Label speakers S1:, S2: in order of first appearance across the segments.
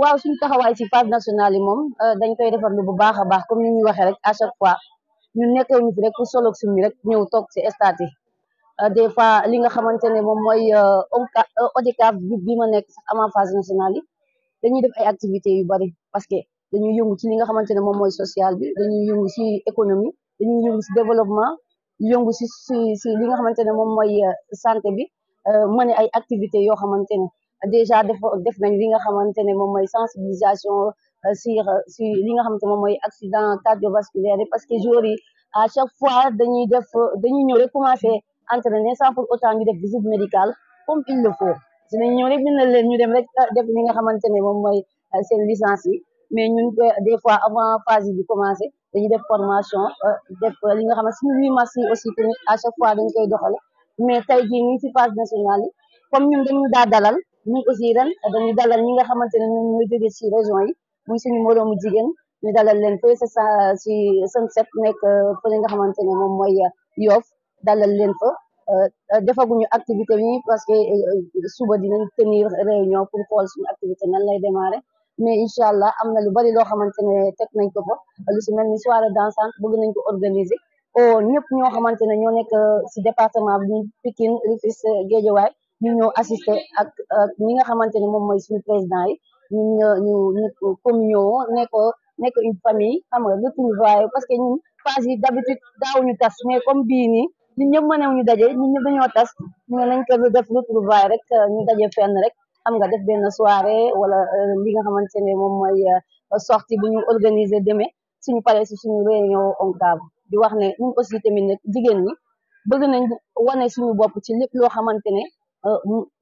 S1: waaw suñu taxawaay si phase nationale yi moom euh, dañ koy defarlu bu baax a baax comme ni ñu waxee rek à chaque fois ñu nekkee ñu fi rek pour solo si mi rek ñëw toog si stade yi euh, des fois li nga xamante ne moom mooy euh, ODCAV bi ma nekk sax avant dañuy def ay activités yu bari parce que dañuy yëngu ci li nga xamante ne moom mooy social bi dañuy yëngu ci économie dañuy yëngu si développement yongu si ci ci li nga xamante ne moom mooy santé bi mën ay activités yoo xamante ne. déjà def def nañ li nga xamante ne moom mooy sensibilisation si euh, si euh, li nga xamante moom mooy accident cardiovasculaire parce que jour à chaque fois dañuy def dañuy ñëw rek commencé entraîner sans pour autant ñu def visite médicale comme il le faut dinañ ñëw rek dina leen ñu dem rek euh, def li nga xamante ne moom mooy seen licence mais ñu des fois avant phase yi di commencé dañuy def formation def li nga xam ne suñu huit mars aussi tamit à chaque fois dañ koy doxale mais tey ñun aussi ren dañu dalal ñi nga xamante ne ñoom ñooy jóge ci région yi muy suñu moroomu jigéen ñu dalal leen fële sa ci sunset nekk euh, fële nga xamante ne moom mooy euh, Yoff dalal leen fa euh, defaguñu activité bi parce que suba dinañ tenir réunion pour xool suñu activité nan lay démarrer mais incha allah am na lu bari loo xamante ne teg nañ ko fa lu si mel ni soirée dansante o oh, ñëpp ñoo xamante ne ñoo si département bi Pikine Rufisque Guédiawaye ñu ñëw assister ak ak ñi moom mooy suñu président yi ñu ñu communion nekk nekk une famille xam nga retrouvaille parce que ñun phase yi d'habitude daawuñu tas mais comme bii nii ñun ñëpp mënewuñu daje ñun ñëpp dañoo tas ñu ne nañ ko def retrouvaille rek ñu daje fenn nga def benn soirée wala euh, li nga xamante ne moom mooy euh, sortie bu ñu organiser demee suñu paree si suñu réunion ONCAV di wax ne ñun aussi tamit nag jigéen ñi bëgg nañ wane suñu bopp ci lépp loo xamante ne Euh,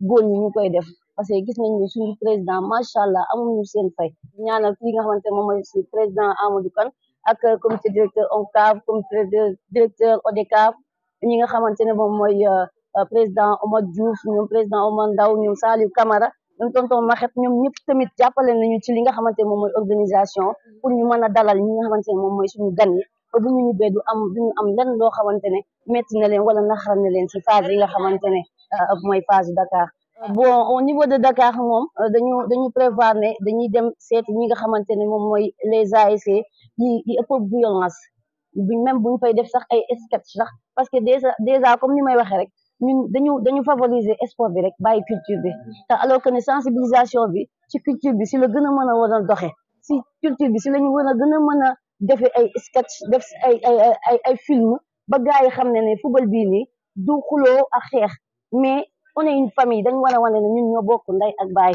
S1: góor ñi ñu koy def parce que gis nañ ne suñu président macha allah amuñu seen fay ñaanal ki nga xamante moom mooy si président Amadou Kane ak euh, comité directeur ONCAV comité directeur ODCAV ñi nga xamante ne moom mooy euh, président Omar Diouf ñoom président Omar Ndaw ñoom Saliou Camara ñoom tonton Maxet ñoom ñëpp tamit jàppale nañu ci li nga xamante ne moom mooy organisation pour ñu mën dalal ñi nga xamante ne moom mooy suñu gan yi ba bu du am du ñu am lenn loo xamante ne métti na leen wala naxaral na leen ci phase yi nga xamante ne Euh, mooy phase Dakar bon au niveau de Dakar moom euh, dañu dañu prévoir ne dañuy dem seeti ñi nga xamante ne moom mooy les ASC yi yi ëpp violence buñ même buñ fay def sax ay sketch sax parce que déjà déjà comme ni may waxee rek ñun dañu dañu favoriser sport bi rek bàyyi culture bi te alors que ne sensibilisation bi ci culture bi si la gën a mën a war doxe si culture bi si la ñu war a gën a mën a defe ay sketch def ay ay ay film ba gars yi xam ne ne football bii nii du xuloo ak xeex mais on est une famille dañ war a wane ño ñun ñoo bokk ak baay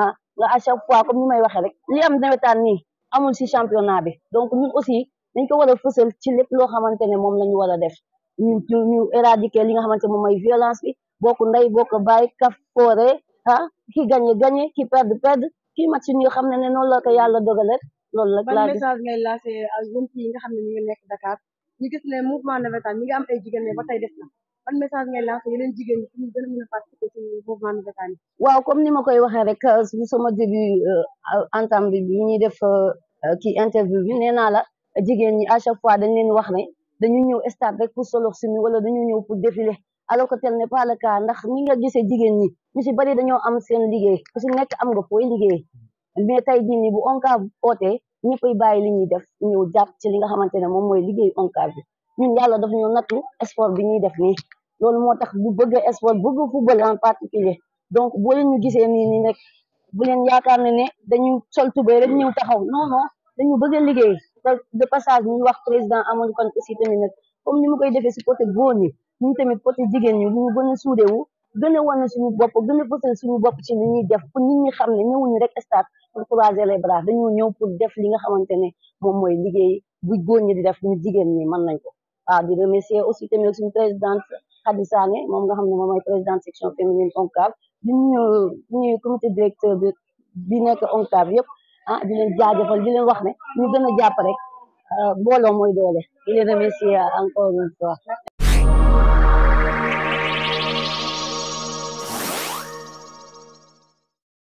S1: ah nga à chaque fois comme ni may waxee rek li am nawetaan nii amul si championnat bi donc ñun aussi dañ ko war a ci lépp loo xamante ne moom la war a def ñu ñu éradiquer li nga xamante ne moom mooy violence bi bokk ndey bokk baay kaf foore ah ki gagné gagné ki perdre perdre kii match ñu xam ne ne noonu la ko yàlla dogal rek loolu la ban message ngay lancé yi nga xam ne ñu ngi nekk Dakar ñu gis ne mouvement nawetaan ñi ngi am ay jigéen ne ba tey def ban a a participer ci mouvement nouvelle waaw comme ni ma koy waxee rek euh, su sama début euh, entame bi bi ñuy def euh, kii interview bi nee naa la jigéen ñi à chaque fois dañ leen wax ne dañu ñëw stade rek pour solo simi wala dañu ñëw pour défiler alors que tel n'est pas le cas ndax ni nga gisee jigéen ñi ñu si bari dañoo am seen liggéey ku que nekk am nga fooy liggéey mais tey jii nii bu ONCAV ootee ñëppay bàyyi li ñuy def ñëw jàpp ci li nga xamante ne moom mooy liggéey ONCAV bi ñun yàlla daf ñu nattu sport bi ñuy def nii loolu moo tax bu bëgg sport bëgg football en particulier donc boo leen ñu gisee nii nii rek bu leen yaakaar na ne dañu sol tubéy rek ñëw taxaw non non dañu bëgg a liggéey de passage ñuy wax président amoon kon aussi tamit nag comme ni mu defee si côté góor ñi ñu tamit côté jigéen ñi ñu gën a suudewu gën a wane suñu bopp gën sumu fësal suñu bopp ci li ñuy def pour nit ñi xam ne ñëwuñu rek stade pour croiser les bras dañoo ñëw pour def li nga xamante ne moom mooy liggéey bu góor ñi di def ñu jigéen ñi mën nañ ko ah, aussi suñu présidente Khady Sané moom nga xam ne moom mooy présidente section féminine ONCAV di nuyu di nuyu comité directeur bi bi nekk ONCAV yëpp ah di leen jaajëfal di leen wax ne ñu gën a jàpp rek euh, mbooloo mooy doole di leen remercier encore une fois.